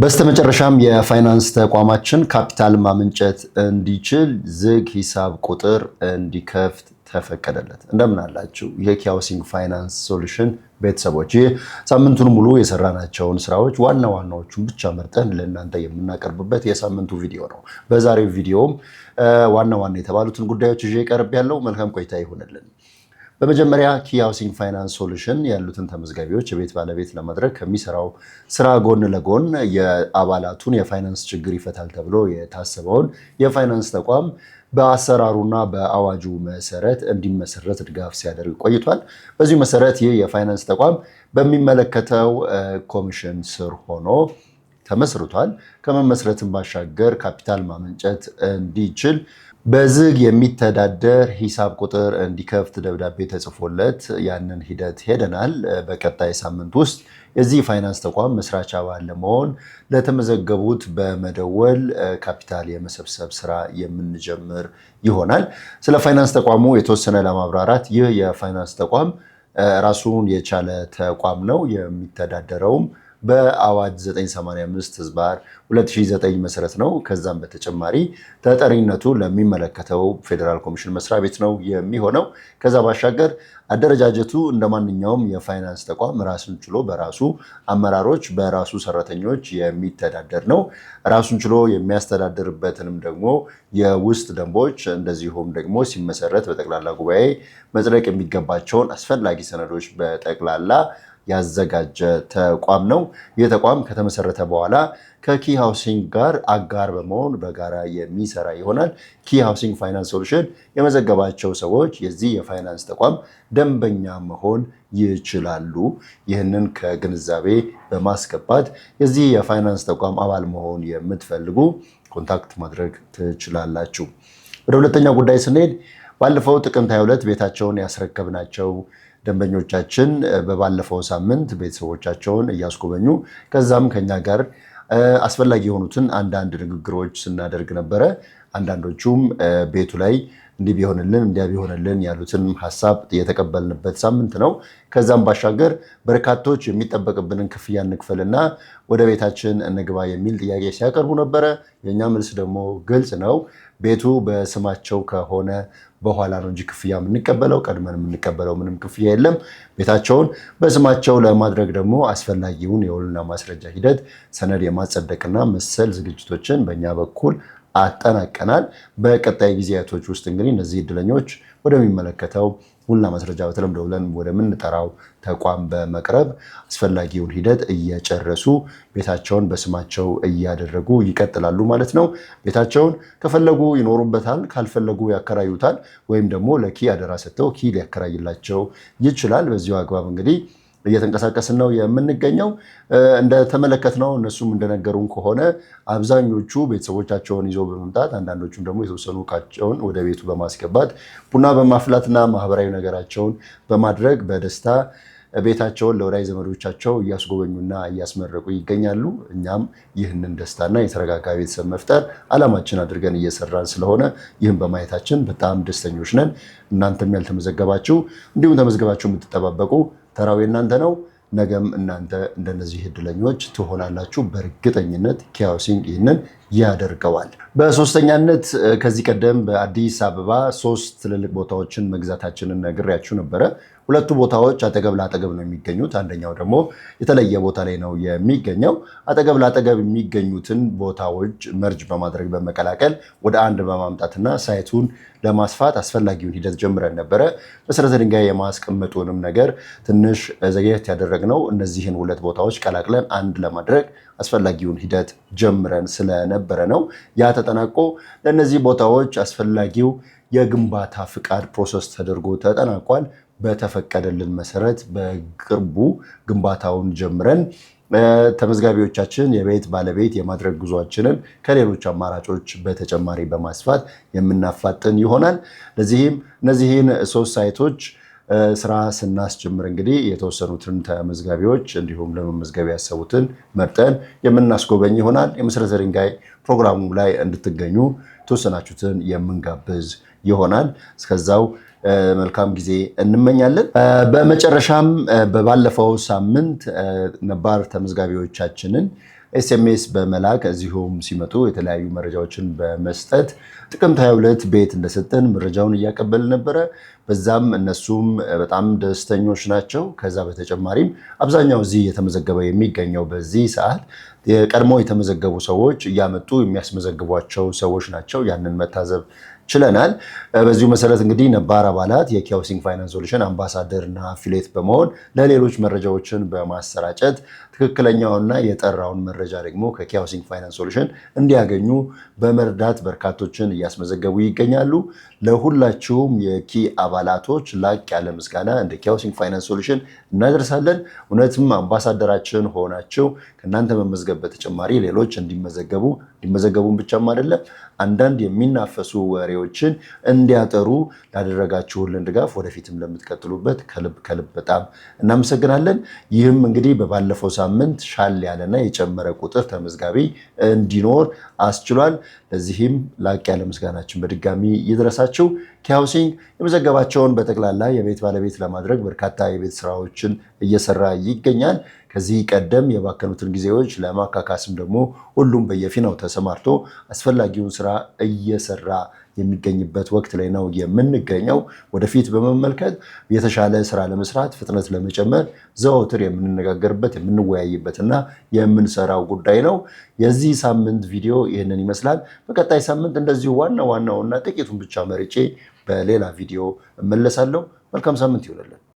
በስተመጨረሻም የፋይናንስ ተቋማችን ካፒታል ማመንጨት እንዲችል ዝግ ሂሳብ ቁጥር እንዲከፍት ተፈቀደለት። እንደምን አላችሁ የኪ ሃውሲንግ ፋይናንስ ሶሉሽን ቤተሰቦች፣ ይህ ሳምንቱን ሙሉ የሰራናቸውን ስራዎች ዋና ዋናዎቹን ብቻ መርጠን ለእናንተ የምናቀርብበት የሳምንቱ ቪዲዮ ነው። በዛሬው ቪዲዮም ዋና ዋና የተባሉትን ጉዳዮች ይዤ ቀርብ ያለው መልካም ቆይታ ይሆንልን። በመጀመሪያ ኪ ሃውሲንግ ፋይናንስ ሶሉሽን ያሉትን ተመዝጋቢዎች የቤት ባለቤት ለማድረግ ከሚሰራው ስራ ጎን ለጎን የአባላቱን የፋይናንስ ችግር ይፈታል ተብሎ የታሰበውን የፋይናንስ ተቋም በአሰራሩና በአዋጁ መሰረት እንዲመሰረት ድጋፍ ሲያደርግ ቆይቷል። በዚሁ መሰረት ይህ የፋይናንስ ተቋም በሚመለከተው ኮሚሽን ስር ሆኖ ተመስርቷል። ከመመስረትን ባሻገር ካፒታል ማመንጨት እንዲችል በዝግ የሚተዳደር ሂሳብ ቁጥር እንዲከፍት ደብዳቤ ተጽፎለት ያንን ሂደት ሄደናል። በቀጣይ ሳምንት ውስጥ የዚህ ፋይናንስ ተቋም መስራች አባል ለመሆን ለተመዘገቡት በመደወል ካፒታል የመሰብሰብ ስራ የምንጀምር ይሆናል። ስለ ፋይናንስ ተቋሙ የተወሰነ ለማብራራት ይህ የፋይናንስ ተቋም ራሱን የቻለ ተቋም ነው። የሚተዳደረውም በአዋጅ 985 ህዝባር 2009 መሰረት ነው። ከዛም በተጨማሪ ተጠሪነቱ ለሚመለከተው ፌዴራል ኮሚሽን መስሪያ ቤት ነው የሚሆነው። ከዛ ባሻገር አደረጃጀቱ እንደ ማንኛውም የፋይናንስ ተቋም ራሱን ችሎ በራሱ አመራሮች፣ በራሱ ሰራተኞች የሚተዳደር ነው። ራሱን ችሎ የሚያስተዳድርበትንም ደግሞ የውስጥ ደንቦች እንደዚሁም ደግሞ ሲመሰረት በጠቅላላ ጉባኤ መጽደቅ የሚገባቸውን አስፈላጊ ሰነዶች በጠቅላላ ያዘጋጀ ተቋም ነው። ይህ ተቋም ከተመሰረተ በኋላ ከኪ ሃውሲንግ ጋር አጋር በመሆን በጋራ የሚሰራ ይሆናል። ኪ ሃውሲንግ ፋይናንስ ሶሉሽን የመዘገባቸው ሰዎች የዚህ የፋይናንስ ተቋም ደንበኛ መሆን ይችላሉ። ይህንን ከግንዛቤ በማስገባት የዚህ የፋይናንስ ተቋም አባል መሆን የምትፈልጉ ኮንታክት ማድረግ ትችላላችሁ። ወደ ሁለተኛው ጉዳይ ስንሄድ ባለፈው ጥቅምት 22 ቤታቸውን ያስረከብናቸው ደንበኞቻችን በባለፈው ሳምንት ቤተሰቦቻቸውን እያስጎበኙ ከዛም ከኛ ጋር አስፈላጊ የሆኑትን አንዳንድ ንግግሮች ስናደርግ ነበረ። አንዳንዶቹም ቤቱ ላይ እንዲህ ቢሆንልን እንዲያ ቢሆንልን ያሉትን ሀሳብ የተቀበልንበት ሳምንት ነው። ከዛም ባሻገር በርካቶች የሚጠበቅብንን ክፍያ እንክፈልና ወደ ቤታችን እንግባ የሚል ጥያቄ ሲያቀርቡ ነበረ። የእኛ መልስ ደግሞ ግልጽ ነው። ቤቱ በስማቸው ከሆነ በኋላ ነው እንጂ ክፍያ የምንቀበለው፣ ቀድመን የምንቀበለው ምንም ክፍያ የለም። ቤታቸውን በስማቸው ለማድረግ ደግሞ አስፈላጊውን የውልና ማስረጃ ሂደት ሰነድ የማጸደቅና መሰል ዝግጅቶችን በእኛ በኩል አጠናቀናል። በቀጣይ ጊዜያቶች ውስጥ እንግዲህ እነዚህ እድለኞች ወደሚመለከተው ሁላ ማስረጃ በተለምዶ ብለን ወደምንጠራው ተቋም በመቅረብ አስፈላጊውን ሂደት እየጨረሱ ቤታቸውን በስማቸው እያደረጉ ይቀጥላሉ ማለት ነው። ቤታቸውን ከፈለጉ ይኖሩበታል፣ ካልፈለጉ ያከራዩታል፣ ወይም ደግሞ ለኪ አደራ ሰጥተው ኪ ሊያከራይላቸው ይችላል። በዚሁ አግባብ እንግዲህ እየተንቀሳቀስን ነው የምንገኘው። እንደተመለከትነው እነሱም እንደነገሩን ከሆነ አብዛኞቹ ቤተሰቦቻቸውን ይዘው በመምጣት አንዳንዶቹም ደግሞ የተወሰኑ እቃቸውን ወደ ቤቱ በማስገባት ቡና በማፍላትና ማህበራዊ ነገራቸውን በማድረግ በደስታ ቤታቸውን ለወዳጅ ዘመዶቻቸው እያስጎበኙና እያስመረቁ ይገኛሉ። እኛም ይህንን ደስታና የተረጋጋ ቤተሰብ መፍጠር አላማችን አድርገን እየሰራን ስለሆነ ይህም በማየታችን በጣም ደስተኞች ነን። እናንተም ያልተመዘገባችሁ እንዲሁም ተመዝገባችሁ የምትጠባበቁ ተራው የእናንተ ነው። ነገም እናንተ እንደነዚህ እድለኞች ትሆናላችሁ። በእርግጠኝነት ኪያውሲንግ ይህንን ያደርገዋል። በሶስተኛነት ከዚህ ቀደም በአዲስ አበባ ሶስት ትልልቅ ቦታዎችን መግዛታችንን ነግሬያችሁ ነበረ። ሁለቱ ቦታዎች አጠገብ ለአጠገብ ነው የሚገኙት። አንደኛው ደግሞ የተለየ ቦታ ላይ ነው የሚገኘው። አጠገብ ለአጠገብ የሚገኙትን ቦታዎች መርጅ በማድረግ በመቀላቀል ወደ አንድ በማምጣትና ሳይቱን ለማስፋት አስፈላጊውን ሂደት ጀምረን ነበረ። መሰረተ ድንጋይ የማስቀመጡንም ነገር ትንሽ ዘግየት ያደረግነው እነዚህን ሁለት ቦታዎች ቀላቅለን አንድ ለማድረግ አስፈላጊውን ሂደት ጀምረን ስለነበረ ነው። ያ ተጠናቆ ለእነዚህ ቦታዎች አስፈላጊው የግንባታ ፍቃድ ፕሮሰስ ተደርጎ ተጠናቋል። በተፈቀደልን መሰረት በቅርቡ ግንባታውን ጀምረን ተመዝጋቢዎቻችን የቤት ባለቤት የማድረግ ጉዟችንን ከሌሎች አማራጮች በተጨማሪ በማስፋት የምናፋጥን ይሆናል። ለዚህም እነዚህን ሶስት ሳይቶች ስራ ስናስጀምር እንግዲህ የተወሰኑትን ተመዝጋቢዎች እንዲሁም ለመመዝገብ ያሰቡትን መርጠን የምናስጎበኝ ይሆናል። የመሰረተ ድንጋይ ፕሮግራሙ ላይ እንድትገኙ የተወሰናችሁትን የምንጋብዝ ይሆናል። እስከዛው መልካም ጊዜ እንመኛለን። በመጨረሻም በባለፈው ሳምንት ነባር ተመዝጋቢዎቻችንን ኤስኤምኤስ በመላክ እዚሁም ሲመጡ የተለያዩ መረጃዎችን በመስጠት ጥቅምት 22 ቤት እንደሰጠን መረጃውን እያቀበል ነበረ። በዛም እነሱም በጣም ደስተኞች ናቸው። ከዛ በተጨማሪም አብዛኛው እዚህ እየተመዘገበ የሚገኘው በዚህ ሰዓት የቀድሞ የተመዘገቡ ሰዎች እያመጡ የሚያስመዘግቧቸው ሰዎች ናቸው። ያንን መታዘብ ችለናል። በዚሁ መሰረት እንግዲህ ነባር አባላት የኪያውሲንግ ፋይናንስ ሶሉሽን አምባሳደርና አፊሌት በመሆን ለሌሎች መረጃዎችን በማሰራጨት ትክክለኛውና የጠራውን መረጃ ደግሞ ከኪያውሲንግ ፋይናንስ ሶሉሽን እንዲያገኙ በመርዳት በርካቶችን እያስመዘገቡ ይገኛሉ። ለሁላችሁም የኪ አባላቶች ላቅ ያለ ምስጋና እንደ ኪያውሲንግ ፋይናንስ ሶሉሽን እናደርሳለን። እውነትም አምባሳደራችን ሆናችሁ ከእናንተ መመዝገብ በተጨማሪ ሌሎች እንዲመዘገቡ እንዲመዘገቡን ብቻም አይደለም አንዳንድ የሚናፈሱ ወሬዎች ጉዳዮችን እንዲያጠሩ ላደረጋችሁልን ድጋፍ ወደፊትም ለምትቀጥሉበት ከልብ ከልብ በጣም እናመሰግናለን። ይህም እንግዲህ በባለፈው ሳምንት ሻል ያለና የጨመረ ቁጥር ተመዝጋቢ እንዲኖር አስችሏል። ለዚህም ላቅ ያለ ምስጋናችን በድጋሚ ይድረሳችሁ። ኪሃውሲንግ የመዘገባቸውን በጠቅላላ የቤት ባለቤት ለማድረግ በርካታ የቤት ስራዎችን እየሰራ ይገኛል። ከዚህ ቀደም የባከኑትን ጊዜዎች ለማካካስም ደግሞ ሁሉም በየፊናው ተሰማርቶ አስፈላጊውን ስራ እየሰራ የሚገኝበት ወቅት ላይ ነው የምንገኘው። ወደፊት በመመልከት የተሻለ ስራ ለመስራት ፍጥነት ለመጨመር ዘወትር የምንነጋገርበት የምንወያይበትና የምንሰራው ጉዳይ ነው። የዚህ ሳምንት ቪዲዮ ይህንን ይመስላል። በቀጣይ ሳምንት እንደዚሁ ዋና ዋናውና ጥቂቱን ብቻ መርጬ በሌላ ቪዲዮ እመለሳለሁ። መልካም ሳምንት ይሆንልን።